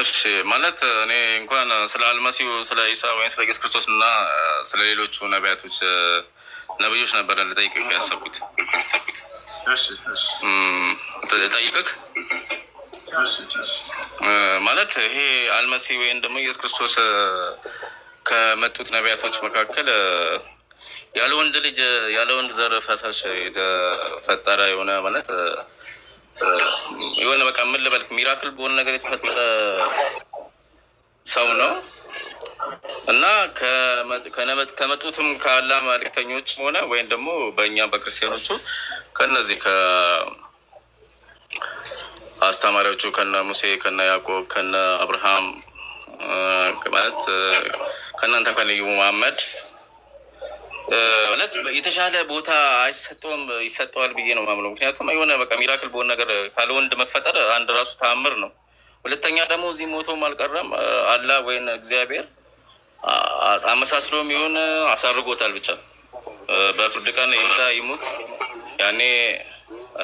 እሺ ማለት እኔ እንኳን ስለ አልመሲሁ ስለ ኢሳ ወይም ስለ ኢየሱስ ክርስቶስ እና ስለ ሌሎቹ ነቢያቶች ነብዮች ነበረ ልጠይቅህ ያሰብኩት ጠይቅህ ማለት ይሄ አልመሲህ ወይም ደግሞ ኢየሱስ ክርስቶስ ከመጡት ነቢያቶች መካከል ያለ ወንድ ልጅ ያለ ወንድ ዘር ፈሳሽ የተፈጠረ የሆነ ማለት የሆነ በቃ ምን ልበልክ ሚራክል በሆነ ነገር የተፈጠረ ሰው ነው እና ከመጡትም ከአላ መልክተኞች ሆነ ወይም ደግሞ በእኛ በክርስቲያኖቹ ከነዚህ ከአስተማሪዎቹ ከነ ሙሴ ከነ ያዕቆብ ከነ አብርሃም ማለት ከእናንተ ከልዩ መሐመድ እውነት የተሻለ ቦታ አይሰጠውም ይሰጠዋል ብዬ ነው ማምለው። ምክንያቱም የሆነ በቃ ሚራክል በሆን ነገር ካለወንድ መፈጠር አንድ ራሱ ተአምር ነው። ሁለተኛ ደግሞ እዚህ ሞቶም አልቀረም አላ ወይም እግዚአብሔር አመሳስሎም ይሁን አሳርጎታል። ብቻ በፍርድ ቀን ይምጣ ይሙት ያኔ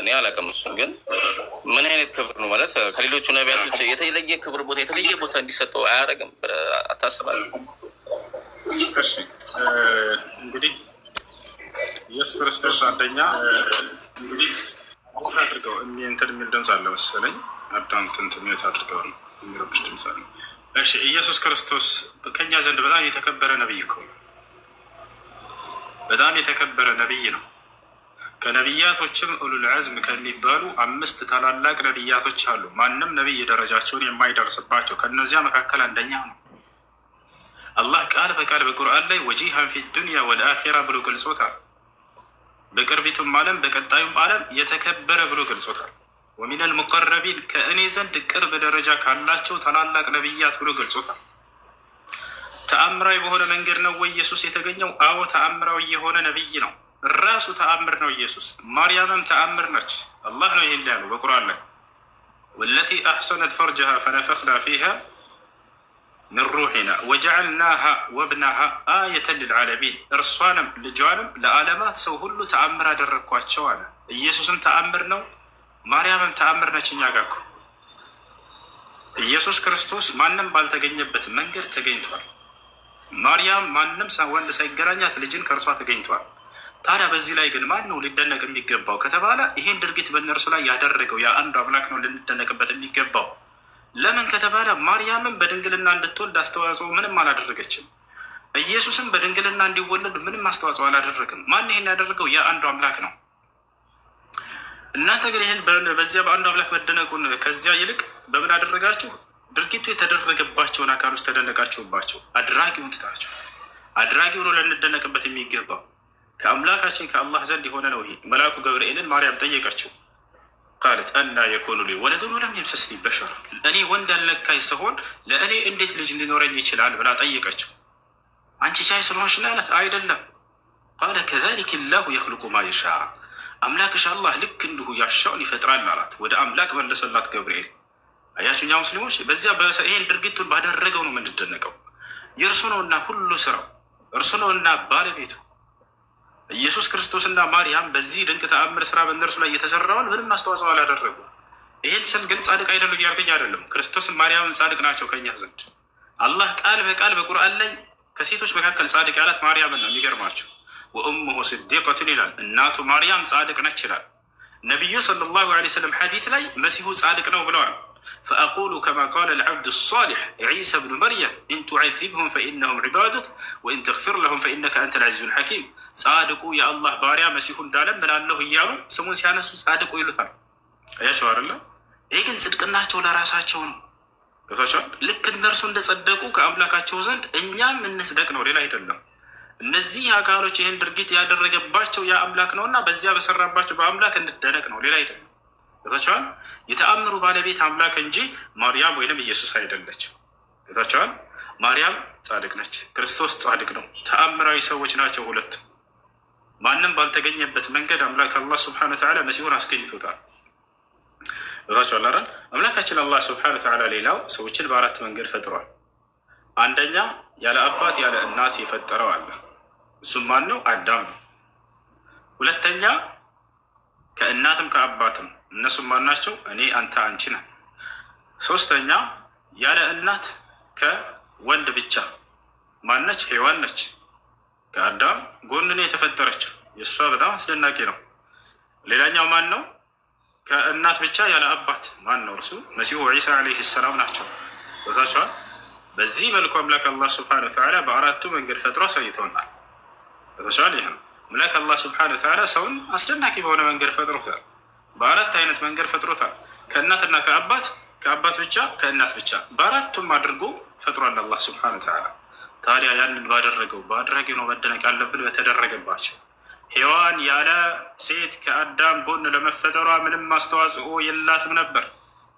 እኔ አላውቅም። እሱን ግን ምን አይነት ክብር ነው ማለት ከሌሎቹ ነቢያቶች የተለየ ክብር ቦታ የተለየ ቦታ እንዲሰጠው አያደርግም። አታስባለሁ እርስ አንደኛ እንግዲህ አድርገው እንትን የሚል ድምፅ አለ መሰለኝ አዳምትን ትሜት አድርገው ነው የሚረብሽ ድምፅ አለ። እሺ ኢየሱስ ክርስቶስ ከኛ ዘንድ በጣም የተከበረ ነቢይ እኮ በጣም የተከበረ ነቢይ ነው። ከነቢያቶችም ኡሉል ዐዝም ከሚባሉ አምስት ታላላቅ ነቢያቶች አሉ። ማንም ነቢይ ደረጃቸውን የማይደርስባቸው ከእነዚያ መካከል አንደኛ ነው። አላህ ቃል በቃል በቁርአን ላይ ወጂሃን ፊ ዱንያ ወልአኺራ ብሎ ገልጾታል። በቅርቢቱም ዓለም በቀጣዩም ዓለም የተከበረ ብሎ ገልጾታል። ወሚነል ሙቀረቢን ከእኔ ዘንድ ቅርብ ደረጃ ካላቸው ታላላቅ ነቢያት ብሎ ገልጾታል። ተአምራዊ በሆነ መንገድ ነው ወይ ኢየሱስ የተገኘው? አዎ ተአምራዊ የሆነ ነቢይ ነው። ራሱ ተአምር ነው ኢየሱስ። ማርያምም ተአምር ነች። አላህ ነው ይሄን ያለው በቁርአን ላይ ወለቲ አሕሰነት ፈርጀሃ ፈነፈኽና ፊሃ ምን ወጃዓልናሃ ወጀዐልናሃ ወብናሃ አየተን ልልዓለሚን እርሷንም ልጇንም ለዓለማት ሰው ሁሉ ተአምር አደረግኳቸው አለ። ኢየሱስም ተአምር ነው፣ ማርያምም ተአምር ነች። እኛ ጋር እኮ ኢየሱስ ክርስቶስ ማንም ባልተገኘበት መንገድ ተገኝቷል። ማርያም ማንም ወንድ ሳይገናኛት ልጅን ከእርሷ ተገኝቷል። ታዲያ በዚህ ላይ ግን ማን ነው ሊደነቅ የሚገባው ከተባለ ይህን ድርጊት በእነርሱ ላይ ያደረገው የአንዱ አምላክ ነው ልንደነቅበት የሚገባው። ለምን ከተባለ ማርያምን በድንግልና እንድትወልድ አስተዋጽኦ ምንም አላደረገችም። ኢየሱስም በድንግልና እንዲወለድ ምንም አስተዋጽኦ አላደረግም። ማን ይሄን ያደረገው? የአንዱ አምላክ ነው። እናንተ ግን ይህን በዚያ በአንዱ አምላክ መደነቁን ከዚያ ይልቅ በምን አደረጋችሁ? ድርጊቱ የተደረገባቸውን አካሎች ተደነቃችሁባቸው። አድራጊውን ትታችሁ አድራጊው ነው ልንደነቅበት የሚገባው ከአምላካችን ከአላህ ዘንድ የሆነ ነው። ይሄ መልአኩ ገብርኤልን ማርያም ጠየቀችው። ቃለት እና የኮኑ ሊ ወለዱን ለም የምሰስኒ በሸር እኔ ወንድ አለካኝ ስሆን ለእኔ እንዴት ልጅ ሊኖረኝ ይችላል ብላ ጠየቀችው። አንቺ ቻይ ስለሆንሽ አላት። አይደለም ቃለ ከዛሊክ ላሁ የክልቁ ማ አምላክሽ አላህ ልክ እንዲሁ ያሻውን ይፈጥራል አላት። ወደ አምላክ መለሰላት ገብርኤል። አያችሁ እኛ ሙስሊሞች በዚያ ይሄን ድርጊቱን ባደረገው ነው የምንደነቀው። የእርሱ ነውና ሁሉ ስራው እርሱ ነውና ባለቤቱ ኢየሱስ ክርስቶስና ማርያም በዚህ ድንቅ ተአምር ስራ በእነርሱ ላይ የተሰራውን ምንም አስተዋጽኦ አላደረጉ። ይህን ስል ግን ጻድቅ አይደሉም ያልኩኝ አይደለም። ክርስቶስም ማርያምም ጻድቅ ናቸው ከኛ ዘንድ። አላህ ቃል በቃል በቁርአን ላይ ከሴቶች መካከል ጻድቅ ያላት ማርያምን ነው። የሚገርማቸው ወእሙሁ ስዲቀቱን ይላል። እናቱ ማርያም ጻድቅ ነች ይላል። ነቢዩ ሰለላሁ ዐለይሂ ወሰለም ሐዲስ ላይ መሲሁ ጻድቅ ነው ብለዋል። ፈአቁሉ ከማ ቃለ ልዓብድ ሳሊሕ ዒሳ ብኑ መርየም ኢንቱዓዚብሁም ፈኢነሁም ዒባዱክ ወኢን ተግፊር ለሁም ፈኢነከ አንተ ልዓዚዙ ልሐኪም ጻድቁ የአላህ ባሪያ መሲሁ እንዳለ ምላለሁ እያሉ ስሙን ሲያነሱ ጻድቁ ይሉታል። አያቸው አለ። ይህ ግን ጽድቅናቸው ለራሳቸው ነው። ገብቷቸዋል። ልክ እነርሱ እንደጸደቁ ከአምላካቸው ዘንድ እኛም እንጽደቅ ነው፣ ሌላ አይደለም። እነዚህ አካሎች ይህን ድርጊት ያደረገባቸው ያ አምላክ ነውና በዚያ በሰራባቸው በአምላክ እንደነቅ ነው፣ ሌላ አይደለም። ቤታቸዋል የተአምሩ ባለቤት አምላክ እንጂ ማርያም ወይንም ኢየሱስ አይደለች። ቤታቸዋል ማርያም ጻድቅ ነች፣ ክርስቶስ ጻድቅ ነው። ተአምራዊ ሰዎች ናቸው ሁለቱ። ማንም ባልተገኘበት መንገድ አምላክ አላህ ስብሐነ ወተዓላ መሲሁን አስገኝቶታል። ቤታቸዋል አረን አምላካችን አላህ ስብሐነ ወተዓላ ሌላው ሰዎችን በአራት መንገድ ፈጥሯል። አንደኛ ያለ አባት ያለ እናት የፈጠረው አለ። እሱም ማን ነው? አዳም ነው። ሁለተኛ ከእናትም ከአባትም እነሱም ናቸው? እኔ፣ አንተ፣ አንቺ ነን። ሶስተኛ ያለ እናት ከወንድ ብቻ ማነች? ሔዋን ነች። ከአዳም ጎን ነው የተፈጠረችው። የእሷ በጣም አስደናቂ ነው። ሌላኛው ማን ነው? ከእናት ብቻ ያለ አባት ማን ነው? እርሱ መሲሁ ዒሳ ዓለይህ ሰላም ናቸው። ቦታቸዋል። በዚህ መልኩ አምላክ አላህ ስብሐነ ወተዓላ በአራቱ መንገድ ፈጥሮ አሳይተውናል። ቦታቸዋል። ይህ አምላክ አላህ ስብሐነ ወተዓላ ሰውን አስደናቂ በሆነ መንገድ ፈጥሮታል። በአራት አይነት መንገድ ፈጥሮታል። ከእናትና ከአባት፣ ከአባት ብቻ፣ ከእናት ብቻ በአራቱም አድርጎ ፈጥሯል አላህ ስብሐነ ወተዓላ። ታዲያ ያንን ባደረገው በአድራጊ ነው መደነቅ ያለብን በተደረገባቸው ሔዋን ያለ ሴት ከአዳም ጎን ለመፈጠሯ ምንም አስተዋጽኦ የላትም ነበር።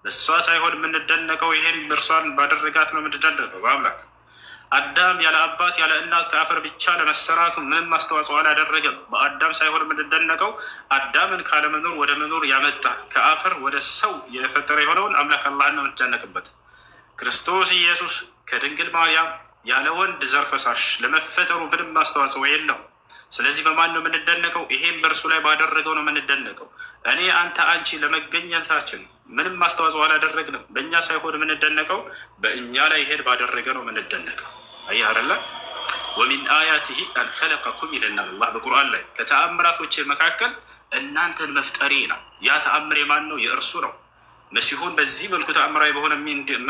እሷ ሳይሆን የምንደነቀው ይሄን እርሷን ባደረጋት ነው የምንደነቀው በአምላክ አዳም ያለ አባት ያለ እናት ከአፈር ብቻ ለመሰራቱ ምንም አስተዋጽኦ አላደረገም። በአዳም ሳይሆን የምንደነቀው አዳምን ካለመኖር ወደ መኖር ያመጣ ከአፈር ወደ ሰው የፈጠረ የሆነውን አምላክ አላህን ነው የምንደነቅበት። ክርስቶስ ኢየሱስ ከድንግል ማርያም ያለ ወንድ ዘር ፈሳሽ ለመፈጠሩ ምንም አስተዋጽኦ የለው። ስለዚህ በማን ነው የምንደነቀው? ይሄም በእርሱ ላይ ባደረገው ነው የምንደነቀው። እኔ አንተ አንቺ ለመገኘታችን ምንም አስተዋጽኦ አላደረግንም። በእኛ ሳይሆን የምንደነቀው በእኛ ላይ ይሄድ ባደረገ ነው የምንደነቀው። አየህ አይደለ? ወሚን አያትህ አን ኸለቀኩም ይለናል አላህ በቁርአን ላይ ከተአምራቶች መካከል እናንተን መፍጠሬ ነው። ያ ተአምር የማን ነው? የእርሱ ነው። መሲሁን በዚህ መልኩ ተአምራዊ በሆነ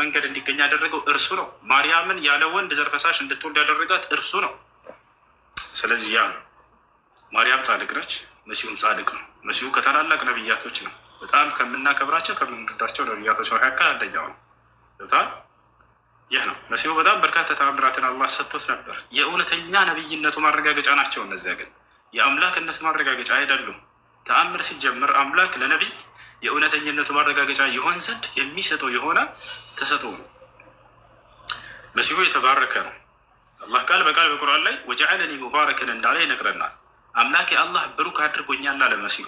መንገድ እንዲገኝ ያደረገው እርሱ ነው። ማርያምን ያለ ወንድ ዘርፈሳሽ እንድትወልድ ያደረጋት እርሱ ነው። ስለዚህ ያ ነው። ማርያም ጻድቅ ነች፣ መሲሁም ጻድቅ ነው። መሲሁ ከታላላቅ ነብያቶች ነው። በጣም ከምናከብራቸው ከምንወዳቸው ነቢያቶች መካከል አንደኛው ነው። ይህ ነው መሲሁ በጣም በርካታ ተአምራትን አላህ ሰጥቶት ነበር። የእውነተኛ ነብይነቱ ማረጋገጫ ናቸው። እነዚያ ግን የአምላክነት ማረጋገጫ አይደሉም። ተአምር ሲጀምር አምላክ ለነቢይ የእውነተኝነቱ ማረጋገጫ ይሆን ዘንድ የሚሰጠው የሆነ ተሰጥኦ ነው። መሲሁ የተባረከ ነው። አላህ ቃል በቃል በቁርአን ላይ ወጀዐለኒ ሙባረክን እንዳለ ይነግረናል። አምላክ የአላህ ብሩክ አድርጎኛል አለ መሲሁ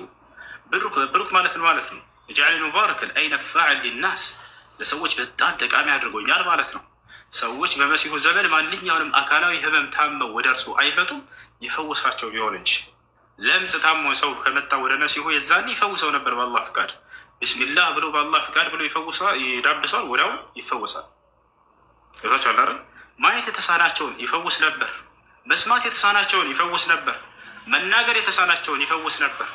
ብሩክ ብሩክ ማለት ነው ማለት ነው ጃዕሊ ሙባረክን አይነ ፋዕል ሊናስ ለሰዎች በጣም ጠቃሚ አድርጎኛል ማለት ነው። ሰዎች በመሲሁ ዘመን ማንኛውንም አካላዊ ህመም ታመው ወደ እርሱ አይመጡም ይፈውሳቸው ቢሆን እንጂ። ለምጽ ታሞ ሰው ከመጣ ወደ መሲሁ የዛኔ ይፈውሰው ነበር በአላህ ፍቃድ። ቢስሚላህ ብሎ በአላህ ፍቃድ ብሎ ይዳብሰዋል፣ ወዲያው ይፈወሳል። ገብታችኋል አይደል? ማየት የተሳናቸውን ይፈውስ ነበር። መስማት የተሳናቸውን ይፈውስ ነበር። መናገር የተሳናቸውን ይፈውስ ነበር።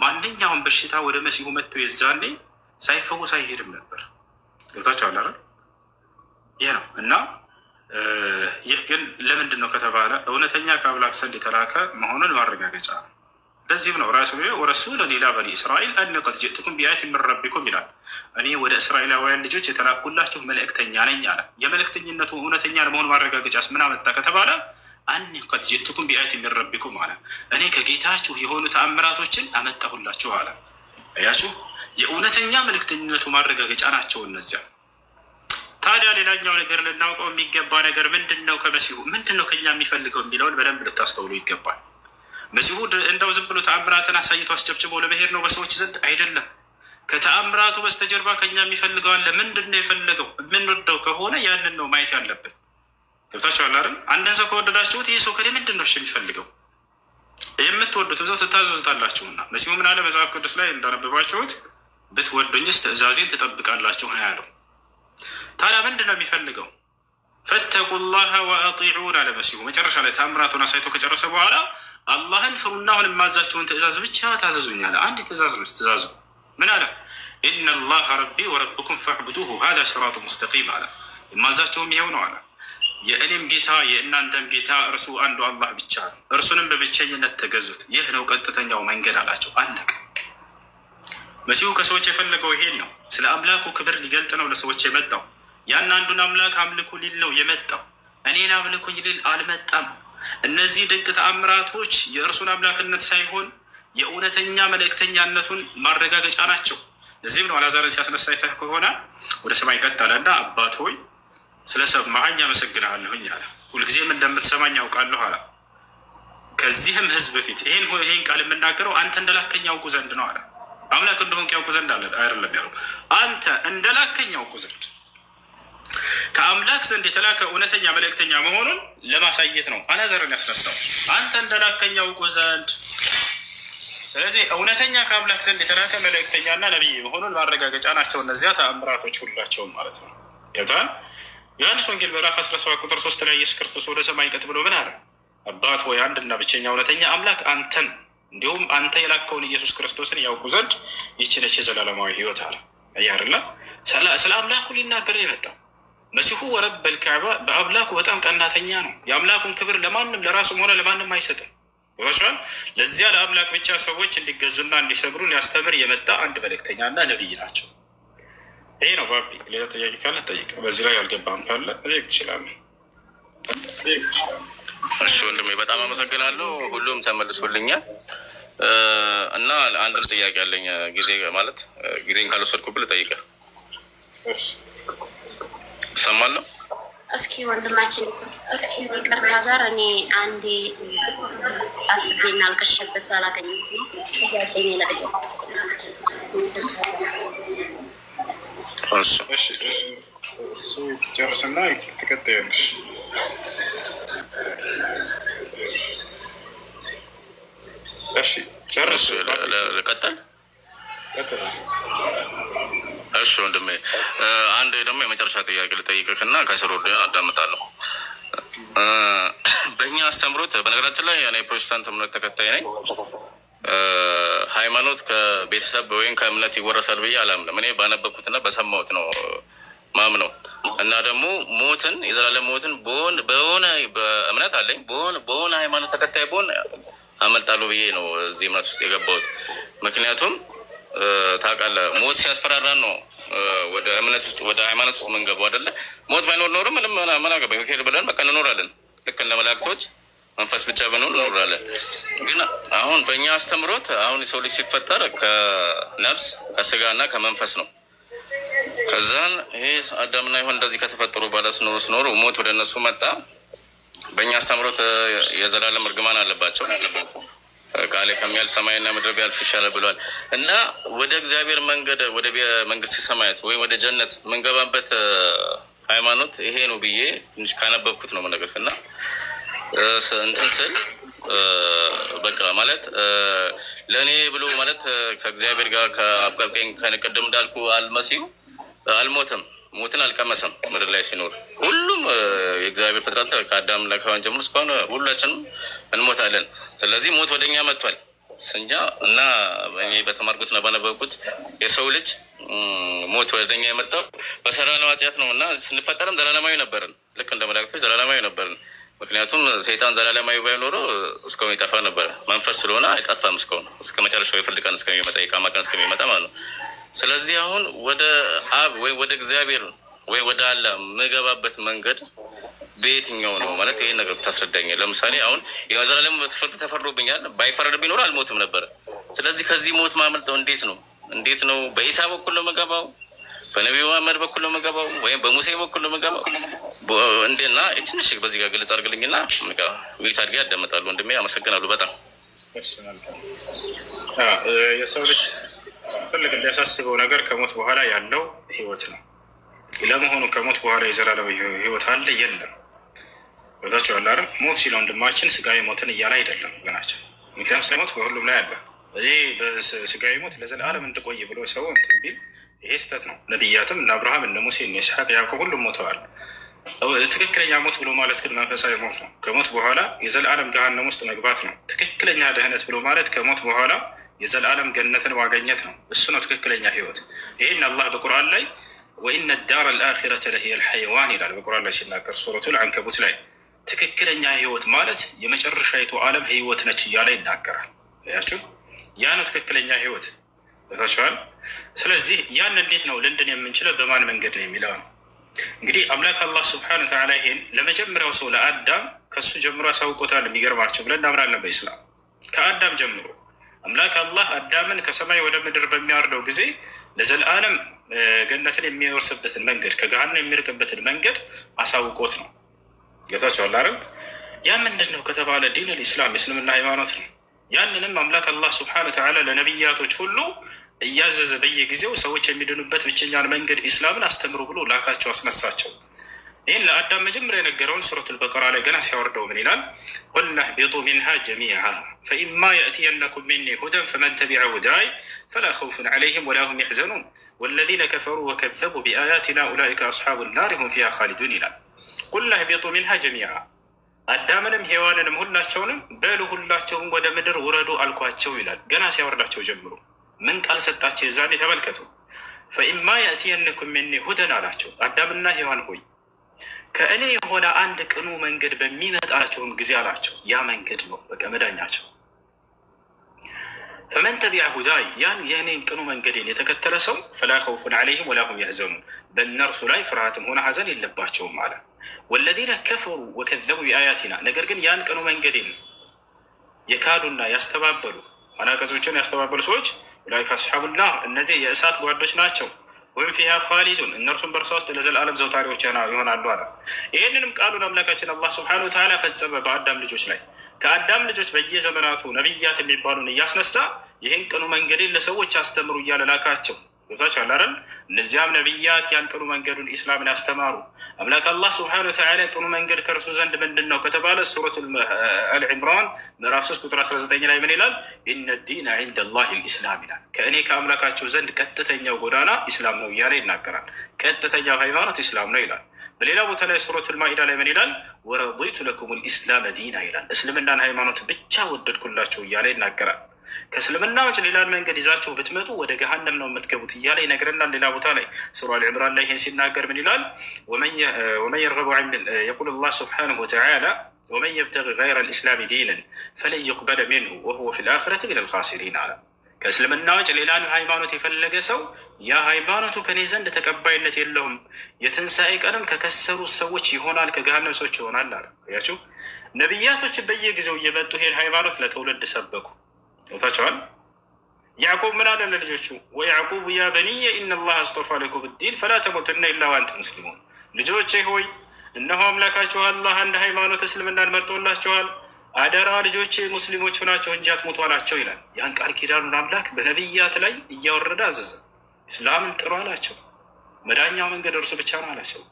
በአንደኛውን በሽታ ወደ መሲሁ መጥቶ የዛኔ ሳይፈወስ አይሄድም ነበር። ገብታችሁ አለ ይህ ነው እና ይህ ግን ለምንድን ነው ከተባለ እውነተኛ ከአምላክ ዘንድ የተላከ መሆኑን ማረጋገጫ ነው። ለዚህም ነው ራሱ ወረሱለ ሌላ በኒ እስራኤል አኒ ቀድ ጅእትኩም ቢአያቲን ይላል። እኔ ወደ እስራኤላውያን ልጆች የተላኩላችሁ መልእክተኛ ነኝ አለ። የመልእክተኝነቱ እውነተኛ ለመሆኑ ማረጋገጫስ ምን አመጣ ከተባለ አኒ ቀድ ጅትኩም ቢአት የሚረቢኩም አለ። እኔ ከጌታችሁ የሆኑ ተአምራቶችን አመጣሁላችሁ አለ። አያችሁ፣ የእውነተኛ መልእክተኝነቱ ማረጋገጫ ናቸው እነዚያ። ታዲያ ሌላኛው ነገር ልናውቀው የሚገባ ነገር ምንድን ነው? ከመሲሁ ምንድን ነው ከኛ የሚፈልገው የሚለውን በደንብ ልታስተውሉ ይገባል። መሲሁ እንደው ዝም ብሎ ተአምራትን አሳይቶ አስጨብጭቦ ለመሄድ ነው በሰዎች ዘንድ አይደለም። ከተአምራቱ በስተጀርባ ከኛ የሚፈልገው አለ። ምንድን ነው የፈለገው? የምንወደው ከሆነ ያንን ነው ማየት ያለብን። ገብታችኋል አይደል? አንድን ሰው ከወደዳችሁት ይህ ሰው ከእኔ ምንድን ነው የሚፈልገው? የምትወዱትም ሰው ትታዘዙታላችሁና መሲሁ ምን አለ መጽሐፍ ቅዱስ ላይ እንዳነበባችሁት ብትወዱኝስ ትእዛዜን ትጠብቃላችሁ ነው ያለው። ታዲያ ምንድን ነው የሚፈልገው? ፈተቁላህ ወአጢዑን አለ መሲሁ። መጨረሻ ላይ ታምራቱን አሳይቶ ከጨረሰ በኋላ አላህን ፍሩና አሁን የማዛቸውን ትእዛዝ ብቻ ታዘዙኝ አለ። አንድ ትእዛዝ ነች። ትእዛዙ ምን አለ? ኢነላህ ረቢ ወረብኩም ፈዕቡዱሁ ሀዛ ሲራጡ ሙስተቂም አለ። የማዛቸውም ይኸው ነው አለ የእኔም ጌታ የእናንተም ጌታ እርሱ አንዱ አላህ ብቻ ነው፣ እርሱንም በብቸኝነት ተገዙት። ይህ ነው ቀጥተኛው መንገድ አላቸው። አለቀ። መሲሁ ከሰዎች የፈለገው ይሄን ነው። ስለ አምላኩ ክብር ሊገልጥ ነው ለሰዎች የመጣው። ያን አንዱን አምላክ አምልኩ ሊል ነው የመጣው። እኔን አምልኩኝ ሊል አልመጣም። እነዚህ ድንቅ ተአምራቶች የእርሱን አምላክነት ሳይሆን የእውነተኛ መልእክተኛነቱን ማረጋገጫ ናቸው። ለዚህም ነው አላዛርን ሲያስነሳ ከሆነ ወደ ሰማይ ቀጠለና አባት ሆይ ስለሰማኸኝ አመሰግናለሁኝ አለ። ሁልጊዜም እንደምትሰማኝ ያውቃለሁ አለ። ከዚህም ህዝብ ፊት ይህን ይህን ቃል የምናገረው አንተ እንደላከኝ ያውቁ ዘንድ ነው አለ። አምላክ እንደሆንክ ያውቁ ዘንድ አለ አይደለም ያለው፣ አንተ እንደላከኝ ያውቁ ዘንድ ከአምላክ ዘንድ የተላከ እውነተኛ መልእክተኛ መሆኑን ለማሳየት ነው አላዘርን ያስነሳው። አንተ እንደላከኝ ያውቁ ዘንድ ስለዚህ እውነተኛ ከአምላክ ዘንድ የተላከ መልእክተኛና ነቢይ መሆኑን ማረጋገጫ ናቸው እነዚያ ተአምራቶች ሁላቸውም ማለት ነው። ዮሐንስ ወንጌል ምዕራፍ 17 ቁጥር ሶስት ላይ ኢየሱስ ክርስቶስ ወደ ሰማይ ቀጥ ብሎ ምን አለ? አባት ሆይ አንድና ብቸኛ እውነተኛ አምላክ አንተን እንዲሁም አንተ የላከውን ኢየሱስ ክርስቶስን ያውቁ ዘንድ ይችነች የዘላለማዊ ህይወት አለ። እያርላ ስለ አምላኩ ሊናገር የመጣው መሲሁ ወረበል ካዕባ በአምላኩ በጣም ቀናተኛ ነው። የአምላኩን ክብር ለማንም ለራሱም ሆነ ለማንም አይሰጥም። ቦታቸዋል ለዚያ ለአምላክ ብቻ ሰዎች እንዲገዙና እንዲሰግሩ ሊያስተምር የመጣ አንድ መልእክተኛና ነቢይ ናቸው። ይሄ ነው ባቢ። ሌላ ጥያቄ ካለ ጠይቅ። በዚህ ላይ ያልገባም ካለ ጠይቅ ትችላለህ። እሺ ወንድሜ በጣም አመሰግናለሁ። ሁሉም ተመልሶልኛል እና አንድ ጥያቄ አለኝ። ጊዜ ማለት ጊዜን ካልወሰድኩብህ ልጠይቅህ። እሰማለሁ። እስኪ ወንድማችን እስኪ ይቅር ነገር እኔ አንዴ አስቤና አልቀሸበት ነው። እሱ ጨርስና እሺ ጨርስ። ቀጠል እሺ ወንድሜ፣ አንድ ደግሞ የመጨረሻ ጥያቄ ልጠይቅህ እና ከስሩ አዳምጣለሁ። በእኛ አስተምሮት፣ በነገራችን ላይ እኔ ፕሮቴስታንት እምነት ተከታይ ነኝ። ሃይማኖት ከቤተሰብ ወይም ከእምነት ይወረሳል ብዬ አላምንም። እኔ ባነበብኩትና በሰማሁት ነው ማም ነው እና ደግሞ ሞትን የዘላለም ሞትን በሆነ በእምነት አለኝ በሆነ ሃይማኖት ተከታይ በሆን አመልጣሉ ብዬ ነው እዚህ እምነት ውስጥ የገባሁት። ምክንያቱም ታውቃለህ ሞት ሲያስፈራራን ነው ወደ እምነት ውስጥ ወደ ሃይማኖት ውስጥ መንገቡ አይደለ። ሞት ባይኖር ኖርም ምንም ምን አገባኝ ብለን በቃ እንኖራለን ልክ እንደ መላእክቶች መንፈስ ብቻ ብንሆን እኖራለን። ግን አሁን በእኛ አስተምሮት አሁን የሰው ልጅ ሲፈጠር ከነፍስ ከስጋና ከመንፈስ ነው። ከዛን ይሄ አዳምና ይሆን እንደዚህ ከተፈጠሩ በኋላ ስኖሩ ስኖሩ ሞት ወደ እነሱ መጣ። በእኛ አስተምሮት የዘላለም እርግማን አለባቸው። ቃሌ ከሚያልፍ ሰማይና ምድር ቢያልፍ ይሻላል ብሏል እና ወደ እግዚአብሔር መንገድ ወደ መንግስት ሰማያት ወይም ወደ ጀነት የምንገባበት ሃይማኖት ይሄ ነው ብዬ ካነበብኩት ነው የምነግርህ እና እንትን ስል በቃ ማለት ለእኔ ብሎ ማለት ከእግዚአብሔር ጋር ከአብቀብቀኝ ቅድም እንዳልኩ አልመሲሁ አልሞትም፣ ሞትን አልቀመሰም። ምድር ላይ ሲኖር ሁሉም የእግዚአብሔር ፍጥረት ከአዳም ለካን ጀምሮ እስከሆነ ሁላችንም እንሞታለን። ስለዚህ ሞት ወደኛ መጥቷል። ስንጃ እና እኔ በተማርኩት ነው ባነበብኩት የሰው ልጅ ሞት ወደኛ የመጣው በሰራነው ኃጢአት ነው እና ስንፈጠርም ዘላለማዊ ነበርን። ልክ እንደ መላእክቶች ዘላለማዊ ነበርን። ምክንያቱም ሰይጣን ዘላለማዊ ባይኖረው እስካሁን ይጠፋ ነበረ። መንፈስ ስለሆነ አይጠፋም እስካሁን እስከ መጨረሻው የፍርድ ቀን እስከሚመጣ የቂያማ ቀን እስከሚመጣ ማለት ነው። ስለዚህ አሁን ወደ አብ ወይ ወደ እግዚአብሔር ወይ ወደ አላ የምገባበት መንገድ በየትኛው ነው ማለት ይህን ነገር ታስረዳኝ። ለምሳሌ አሁን የዘላለም ፍርድ ተፈርዶብኛል። ባይፈረድ ቢኖር አልሞትም ነበረ። ስለዚህ ከዚህ ሞት ማመልጠው እንዴት ነው እንዴት ነው? በኢሳ በኩል ነው የምገባው በነቢዩ መሐመድ በኩል ነው የምገባው ወይም በሙሴ በኩል ነው የምገባው እንዴና ትንሽ በዚህ ጋር ግልጽ አድርግልኝና ሚት አድርጌ ያዳመጣሉ። ወንድሜ አመሰግናሉ በጣም የሰው ልጅ ትልቅ እንዲያሳስበው ነገር ከሞት በኋላ ያለው ህይወት ነው። ለመሆኑ ከሞት በኋላ የዘላለም ህይወት አለ የለም? ወታቸው አለ አይደል? ሞት ሲለው ወንድማችን ስጋዊ ሞትን እያለ አይደለም ገናቸው ምክንያቱም ሳይሞት በሁሉም ላይ አለ። እኔ ስጋዊ ሞት ለዘላለም እንድቆይ ብሎ ሰው እንትን ቢል ይሄ ስህተት ነው። ነቢያትም እነ አብርሃም እነ ሙሴ እነ ይስሐቅ ያዕቆብ ሁሉም ሞተዋል። ትክክለኛ ሞት ብሎ ማለት ግን መንፈሳዊ ሞት ነው። ከሞት በኋላ የዘላለም ገሃነም ውስጥ መግባት ነው። ትክክለኛ ደህነት ብሎ ማለት ከሞት በኋላ የዘላለም ገነትን ማገኘት ነው። እሱ ነው ትክክለኛ ህይወት። ይህን አላህ በቁርአን ላይ ወኢነ ዳር ልአኪረተ ለሂየ ልሐይዋን ይላል በቁርአን ላይ ሲናገር ሱረቱ ልአንከቡት ላይ ትክክለኛ ህይወት ማለት የመጨረሻይቱ ዓለም ህይወት ነች እያለ ይናገራል። ያችሁ ያ ነው ትክክለኛ ህይወት። ገብቷችኋል? ስለዚህ ያን እንዴት ነው ልንድን የምንችለው በማን መንገድ ነው የሚለው ነው። እንግዲህ አምላክ አላህ ስብሐነ ወተዓላ ይሄን ለመጀመሪያው ሰው ለአዳም ከሱ ጀምሮ አሳውቆታል። የሚገርማቸው ብለን እናምናለን በኢስላም ከአዳም ጀምሮ አምላክ አላህ አዳምን ከሰማይ ወደ ምድር በሚያወርደው ጊዜ ለዘለዓለም ገነትን የሚወርስበትን መንገድ ከገሃነም የሚርቅበትን መንገድ አሳውቆት ነው። ገብቷችኋል? ያ ምንድን ነው ከተባለ ዲን አልኢስላም የእስልምና ሃይማኖት ነው። ያንንም አምላክ አላህ ስብሐነ ወተዓላ ለነቢያቶች ሁሉ እያዘዘ በየጊዜው ሰዎች የሚድኑበት ብቸኛን መንገድ ኢስላምን አስተምሩ ብሎ ላካቸው፣ አስነሳቸው። ይህን ለአዳም መጀመሪያ የነገረውን ሱረቱል በቀራ ላይ ገና ሲያወርደው ምን ይላል? ቁልና ህቢጡ ሚንሃ ጀሚዓ ፈኢማ የእትየነኩም ሚኒ ሁደን ፈመን ተቢዐ ሁዳይ ፈላ ኸውፉን ዐለይሂም ወላ ሁም ያሕዘኑን ወለዚነ ከፈሩ ወከዘቡ ቢአያቲና ኡላኢከ አስሓቡ ናር ሁም ፊሃ ኻሊዱን ይላል። ቁልና ህቢጡ ሚንሃ ጀሚዓ አዳምንም ሔዋንንም ሁላቸውንም በሉ ሁላቸውም ወደ ምድር ውረዱ አልኳቸው ይላል። ገና ሲያወርዳቸው ጀምሮ ምን ቃል ሰጣቸው? የዛኔ ተመልከቱ። ፈኢማ የእትየነኩም ምኒ ሁደን አላቸው። አዳምና ሔዋን ሆይ ከእኔ የሆነ አንድ ቅኑ መንገድ በሚመጣቸውም ጊዜ አላቸው። ያ መንገድ ነው በቃ መዳኛቸው። ፈመን ተቢያ ሁዳይ ያን የእኔን ቅኑ መንገዴን የተከተለ ሰው ፈላ ከውፉን ዐለይሂም ወላሁም ያሕዘኑን በእነርሱ ላይ ፍርሃትም ሆነ ሀዘን የለባቸውም አለ። ወለዚነ ከፈሩ ወከዘቡ ቢአያቲና ነገር ግን ያን ቀኑ መንገድን የካዱና ያስተባበሉ አናቀጾችን ያስተባበሉ ሰዎች ላይክ አስሓቡና እነዚህ የእሳት ጓዶች ናቸው። ወይም ፊሃ ካሊዱን እነርሱም በእርሷ ውስጥ ለዘላለም ዘውታሪዎች ይሆናሉ አለ። ይህንንም ቃሉን አምላካችን አላህ ስብሐነሁ ወተዓላ ፈጸመ በአዳም ልጆች ላይ። ከአዳም ልጆች በየዘመናቱ ነቢያት የሚባሉን እያስነሳ ይህን ቀኑ መንገድን ለሰዎች አስተምሩ እያለ ላካቸው። ገብታች አላረን እነዚያም ነቢያት ያን ቅኑ መንገዱን ኢስላምን ያስተማሩ አምላክ አላህ ስብሐነ ወተዓላ ቅኑ መንገድ ከእርሱ ዘንድ ምንድን ነው ከተባለ ሱረት አልዕምራን ምዕራፍ 3 ቁጥር 19 ላይ ምን ይላል? ኢነ ዲነ ዒንደ ላሂ ልኢስላም ይላል። ከእኔ ከአምላካቸው ዘንድ ቀጥተኛው ጎዳና ኢስላም ነው እያለ ይናገራል። ቀጥተኛው ሃይማኖት ኢስላም ነው ይላል። በሌላ ቦታ ላይ ሱረት ልማኢዳ ላይ ምን ይላል? ወረዲቱ ለኩም ልኢስላም ዲና ይላል። እስልምናን ሃይማኖት ብቻ ወደድኩላቸው እያለ ይናገራል። ከእስልምና ውጭ ሌላን መንገድ ይዛችሁ ብትመጡ ወደ ገሃነም ነው የምትገቡት እያለ ይነግረናል። ሌላ ቦታ ላይ ሱራ አልዕምራን ላይ ይህን ሲናገር ምን ይላል? ወመን የርገቡ የቁል ላ ስብሓነሁ ወተዓላ ወመን የብተጊ ገይረ ልእስላም ዲንን ፈለን ይቅበለ ሚንሁ ወሁወ ፊ ልአክረት ምን ልኻሲሪን አለ። ከእስልምና ውጭ ሌላን ሃይማኖት የፈለገ ሰው ያ ሃይማኖቱ ከኔ ዘንድ ተቀባይነት የለውም፣ የትንሣኤ ቀንም ከከሰሩ ሰዎች ይሆናል፣ ከገሃነም ሰዎች ይሆናል አለ። ያቸው ነቢያቶች በየጊዜው እየመጡ ይሄን ሃይማኖት ለትውልድ ሰበኩ። ታቸዋል። ያዕቆብ ምን አለ ለልጆቹ? ወያዕቁብ ያ በኒየ ኢነላህ አስጠፋ ለኩም ዲን ፈላ ተሞትና ኢላ ዋንት ሙስሊሙን። ልጆቼ ሆይ እነሆ አምላካችሁ አላህ አንድ ሃይማኖት እስልምናን መርጦላችኋል። አደራ ልጆቼ ሙስሊሞች ሆናቸው እንጂ አትሞቱ አላቸው ይላል። ያን ቃል ኪዳኑን አምላክ በነቢያት ላይ እያወረደ አዘዘ። እስላምን ጥሩ አላቸው። መዳኛው መንገድ እርሱ ብቻ ነው አላቸው።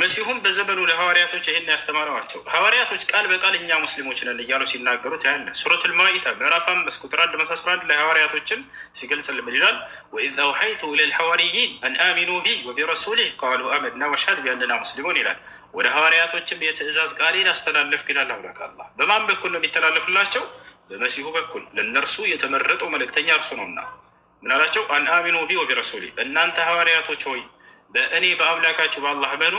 መሲሁም በዘመኑ ለሐዋርያቶች ይህን ያስተማረዋቸው ሐዋርያቶች ቃል በቃል እኛ ሙስሊሞች ነን እያሉ ሲናገሩት ያለ ሱረቱል ማኢዳ ምዕራፍ አምስት ቁጥር አንድ መቶ አስራ አንድ ላይ ሐዋርያቶችን ሲገልጽ ልምል ይላል ወኢዝ አውሐይቱ ኢለል ሐዋርይን አን አሚኑ ቢ ወቢረሱሊ ቃሉ አመድና ወሻድ ቢያንና ሙስሊሙን ይላል። ወደ ሐዋርያቶችም የትእዛዝ ቃሌን አስተላለፍኩ ይላል አምላክ አላ። በማን በኩል ነው የሚተላለፍላቸው? በመሲሁ በኩል ለእነርሱ የተመረጠው መልእክተኛ እርሱ ነውና ምናላቸው አን አሚኑ ቢ ወቢረሱሊ እናንተ ሐዋርያቶች ሆይ በእኔ በአምላካችሁ በአላህ መኑ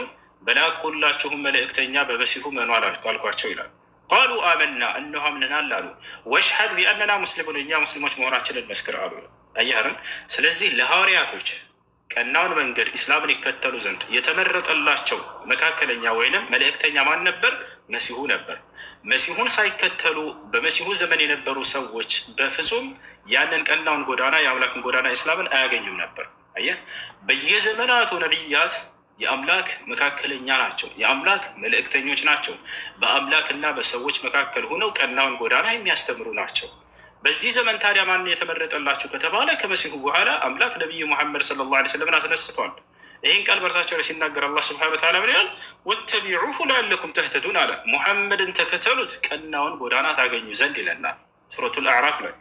በላኩላችሁም መልእክተኛ በመሲሁ መኑ አልኳቸው ይላል። ቃሉ አመና እነሆ አምነናል አሉ። ወሽሀድ ቢአነና ሙስሊሙን እኛ ሙስሊሞች መሆናችንን መስክር አሉ። አያርን ስለዚህ ለሐዋርያቶች ቀናውን መንገድ ኢስላምን ይከተሉ ዘንድ የተመረጠላቸው መካከለኛ ወይንም መልእክተኛ ማን ነበር? መሲሁ ነበር። መሲሁን ሳይከተሉ በመሲሁ ዘመን የነበሩ ሰዎች በፍጹም ያንን ቀናውን ጎዳና የአምላክን ጎዳና ኢስላምን አያገኙም ነበር። አየ በየዘመናቱ ነቢያት የአምላክ መካከለኛ ናቸው፣ የአምላክ መልእክተኞች ናቸው። በአምላክና በሰዎች መካከል ሆነው ቀናውን ጎዳና የሚያስተምሩ ናቸው። በዚህ ዘመን ታዲያ ማን የተመረጠላችሁ ከተባለ ከመሲሁ በኋላ አምላክ ነቢይ ሙሐመድ ሰለላሁ ዐለይሂ ወሰለምን አስነስቷል። ይህን ቃል በእርሳቸው ላይ ሲናገር አላህ ስብሐነሁ ወተዓላ ምን ይላል? ወተቢዑሁ ለዐለኩም ተህተዱን አለ። ሙሐመድን ተከተሉት ቀናውን ጎዳና ታገኙ ዘንድ ይለናል ሱረቱል አዕራፍ ላይ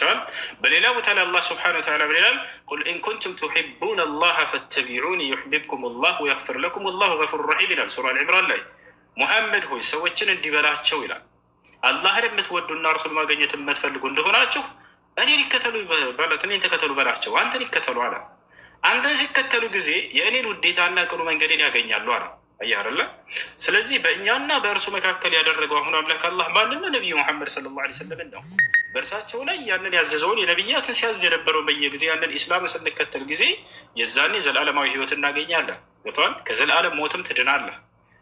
ቸዋል በሌላ ቦታ ላይ አላህ ስብሓነ ወተዓላ ምን ይላል? ቁል ኢን ኩንቱም ቱሒቡነ ፈተቢዑኒ ዩሕቢብኩም አላህ ወየግፊር ለኩም ላሁ ገፉሩ ረሒም ይላል ሱራ አልዕምራን ላይ። ሙሐመድ ሆይ ሰዎችን እንዲበላቸው ይላል። አላህን የምትወዱና እርሱን ማግኘት የምትፈልጉ እንደሆናችሁ እኔን ይከተሉ ማለት እኔን ተከተሉ በላቸው። አንተን ይከተሉ አለ። አንተን ሲከተሉ ጊዜ የእኔን ውዴታና ቅኑ መንገዴን ያገኛሉ አለ። አየህ ስለዚህ በእኛና በእርሱ መካከል ያደረገው አሁን አምላክ አላህ ማንነ ነቢዩ ሙሐመድ ሰለላሁ ዓለይሂ ወሰለም ነው። በእርሳቸው ላይ ያንን ያዘዘውን የነቢያትን ሲያዝ የነበረውን በየጊዜ ያንን ኢስላም ስንከተል ጊዜ የዛኔ ዘላለማዊ ህይወት እናገኛለን። ቷል ከዘላለም ሞትም ትድናለህ።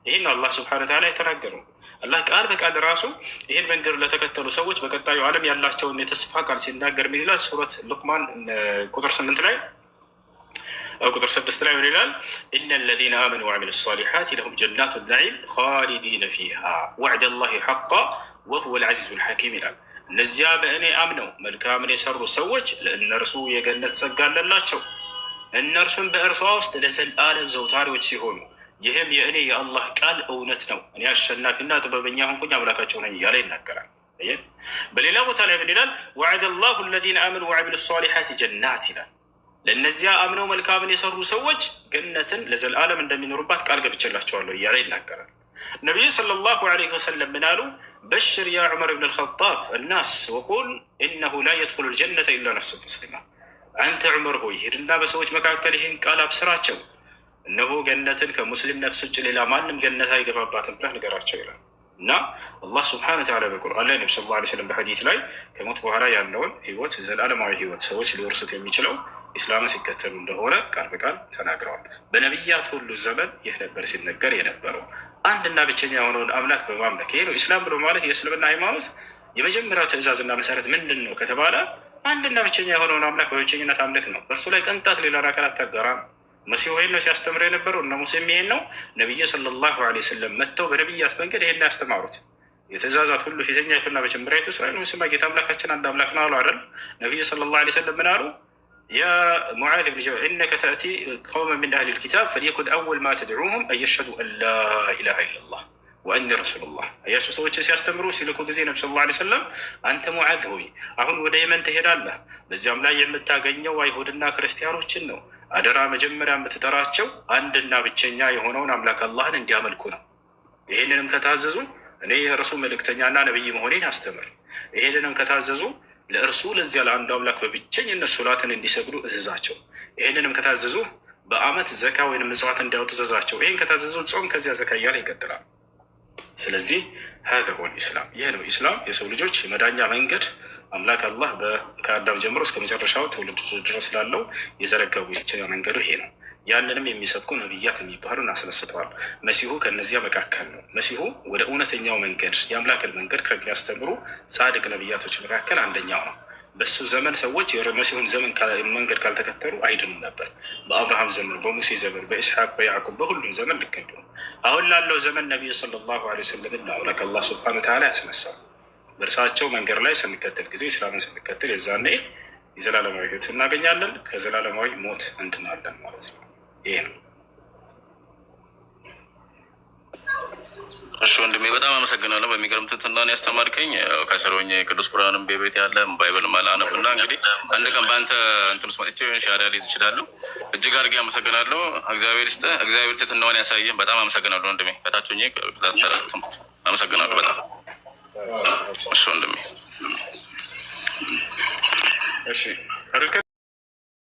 ይህን አላህ ስብሐነ ተዓላ የተናገረው አላህ ቃል በቃል ራሱ ይህን መንገድ ለተከተሉ ሰዎች በቀጣዩ ዓለም ያላቸውን የተስፋ ቃል ሲናገር ምን ይላል? ሱረት ሉቅማን ቁጥር ስምንት ላይ ቁጥር ስድስት ላይ ምን ይላል? ኢነ ለዚነ አመኑ ወዐሚሉ ሷሊሓት ለሁም ጀናቱ ነዒም ኻሊዲነ ፊሃ ወዕደ ላሂ ሐቃ ወሁወል ዐዚዙል ሐኪም ይላል። እነዚያ በእኔ አምነው መልካምን የሰሩ ሰዎች ለእነርሱ የገነት ጸጋ አለላቸው፣ እነርሱም በእርሷ ውስጥ ለዘላለም ዘውታሪዎች ሲሆኑ ይህም የእኔ የአላህ ቃል እውነት ነው፣ እኔ አሸናፊና ጥበበኛ ሆንኩኝ አምላካቸው ነኝ እያለ ይናገራል። በሌላ ቦታ ላይ ምን ይላል? ወዐደ ላሁ ለዚነ አመኑ ወዐሚሉ ሷሊሓት ጀናት ይላል። ለእነዚያ አምነው መልካምን የሰሩ ሰዎች ገነትን ለዘላለም እንደሚኖሩባት ቃል ገብቼላቸዋለሁ እያለ ይናገራል። ነቢዩ ሰለላሁ ዐለይሂ ወሰለም ምን አሉ? በሽር ያ ዑመር ብን ልኸጣብ እናስ ወቁል ኢነሁ ላ የድኩሉ ልጀነተ ኢላ ነፍሱ ሙስሊማ። አንተ ዑመር ሆይ ሂድና በሰዎች መካከል ይህን ቃል አብስራቸው፣ እነሆ ገነትን ከሙስሊም ነፍስ ውጭ ሌላ ማንም ገነት አይገባባትም ብለህ ንገራቸው ይላል። እና አላህ ስብሐነ ወተዓላ በቁርአን ላይ ነቢ ሰለላሁ ዐለይሂ ወሰለም በሐዲት ላይ ከሞት በኋላ ያለውን ህይወት ዘላለማዊ ህይወት ሰዎች ሊወርሱት የሚችለው ኢስላምን ሲከተሉ እንደሆነ ቃል በቃል ተናግረዋል። በነቢያት ሁሉ ዘመን ይህ ነበር ሲነገር የነበረው አንድና ብቸኛ የሆነውን አምላክ በማምለክ ይሄ ነው ኢስላም ብሎ ማለት። የእስልምና ሃይማኖት የመጀመሪያው ትዕዛዝና መሰረት ምንድን ነው ከተባለ አንድና ብቸኛ የሆነውን አምላክ በብቸኝነት አምልክ ነው። በእርሱ ላይ ቅንጣት ሌላን አካል አታጋራም። ነው። መሲሁ ይህን ነው ሲያስተምር የነበረው እና ሙሴም ይሄን ነው ነቢይ ሰለላሁ ዐለይሂ ወሰለም መጥተው በነቢያት መንገድ ይሄን ያስተማሩት። የትእዛዛት ሁሉ ፊተኛይቱና መጀመሪያይቱ እስራኤል ስማ ጌታ አምላካችን አንድ አምላክ ነው አሉ አይደል? ነቢይ ሰለላሁ ዐለይሂ ወሰለም ምን አሉ? ያ ሙዓዝ ብን ጀበል እነከ ተእቲ ቀውመን ምን አህል ልኪታብ ፈሊኩን አወል ማ ተድዑሁም አየሽሀዱ አን ላ ኢላሃ ኢለላህ ወአኒ ረሱሉላህ። አያቸው ሰዎችን ሲያስተምሩ ሲልኩ ጊዜ ነቢ ሰለላሁ ዐለይሂ ወሰለም አንተ ሙዓዝ ሆይ አሁን ወደ የመን ትሄዳለህ። በዚያም ላይ የምታገኘው አይሁድና ክርስቲያኖችን ነው። አደራ መጀመሪያ የምትጠራቸው አንድና ብቸኛ የሆነውን አምላክ አላህን እንዲያመልኩ ነው። ይህንንም ከታዘዙ እኔ የእርሱ መልእክተኛና ነብይ መሆኔን አስተምር። ይህንንም ከታዘዙ ለእርሱ ለዚያ ለአንዱ አምላክ በብቸኝነት ሶላትን እንዲሰግዱ እዝዛቸው። ይህንንም ከታዘዙ በአመት ዘካ ወይም ምጽዋት እንዲያወጡ እዘዛቸው። ይህን ከታዘዙ ጾም ከዚያ ዘካ እያለ ይቀጥላል። ስለዚህ ሀዘሆን ኢስላም ይህ ነው ኢስላም የሰው ልጆች የመዳኛ መንገድ አምላክ አላህ ከአዳም ጀምሮ እስከ መጨረሻው ትውልድ ድረስ ላለው የዘረጋው ብቸኛ መንገዱ ይሄ ነው። ያንንም የሚሰብኩ ነቢያት የሚባሉን አስነስተዋል። መሲሁ ከእነዚያ መካከል ነው። መሲሁ ወደ እውነተኛው መንገድ የአምላክን መንገድ ከሚያስተምሩ ጻድቅ ነቢያቶች መካከል አንደኛው ነው። በሱ ዘመን ሰዎች የመሲሁን ዘመን መንገድ ካልተከተሉ አይድኑ ነበር። በአብርሃም ዘመን፣ በሙሴ ዘመን፣ በኢስሐቅ፣ በያዕቁብ በሁሉም ዘመን ልክ እንዲሁ አሁን ላለው ዘመን ነቢዩ ሰለላሁ ዐለይሂ ወሰለም አምላክ አላህ ሱብሓነሁ ወተዓላ ያስነሳል። በእርሳቸው መንገድ ላይ ስንከተል ጊዜ እስላምን ስንከተል የዛኔ የዘላለማዊ ህይወት እናገኛለን፣ ከዘላለማዊ ሞት እንድናለን ማለት ነው። ይሄ ነው። እሺ ወንድሜ በጣም አመሰግናለሁ። በሚገርም ነው ያስተማርከኝ ከስር ቅዱስ ቁርአንም በቤት ያለ ባይብል መላነብ እና እንግዲህ አንድ ቀን በአንተ እንትን ውስጥ መጥቼ ሻዳ ሊይዝ ይችላሉ። እጅግ አድርጌ አመሰግናለሁ። እግዚአብሔር ይስጥህ። እግዚአብሔር ትትናን ያሳየን። በጣም አመሰግናለሁ ወንድሜ። ከታች ሆኜ ትምህርት አመሰግናለሁ በጣም እሺ ወንድሜ እሺ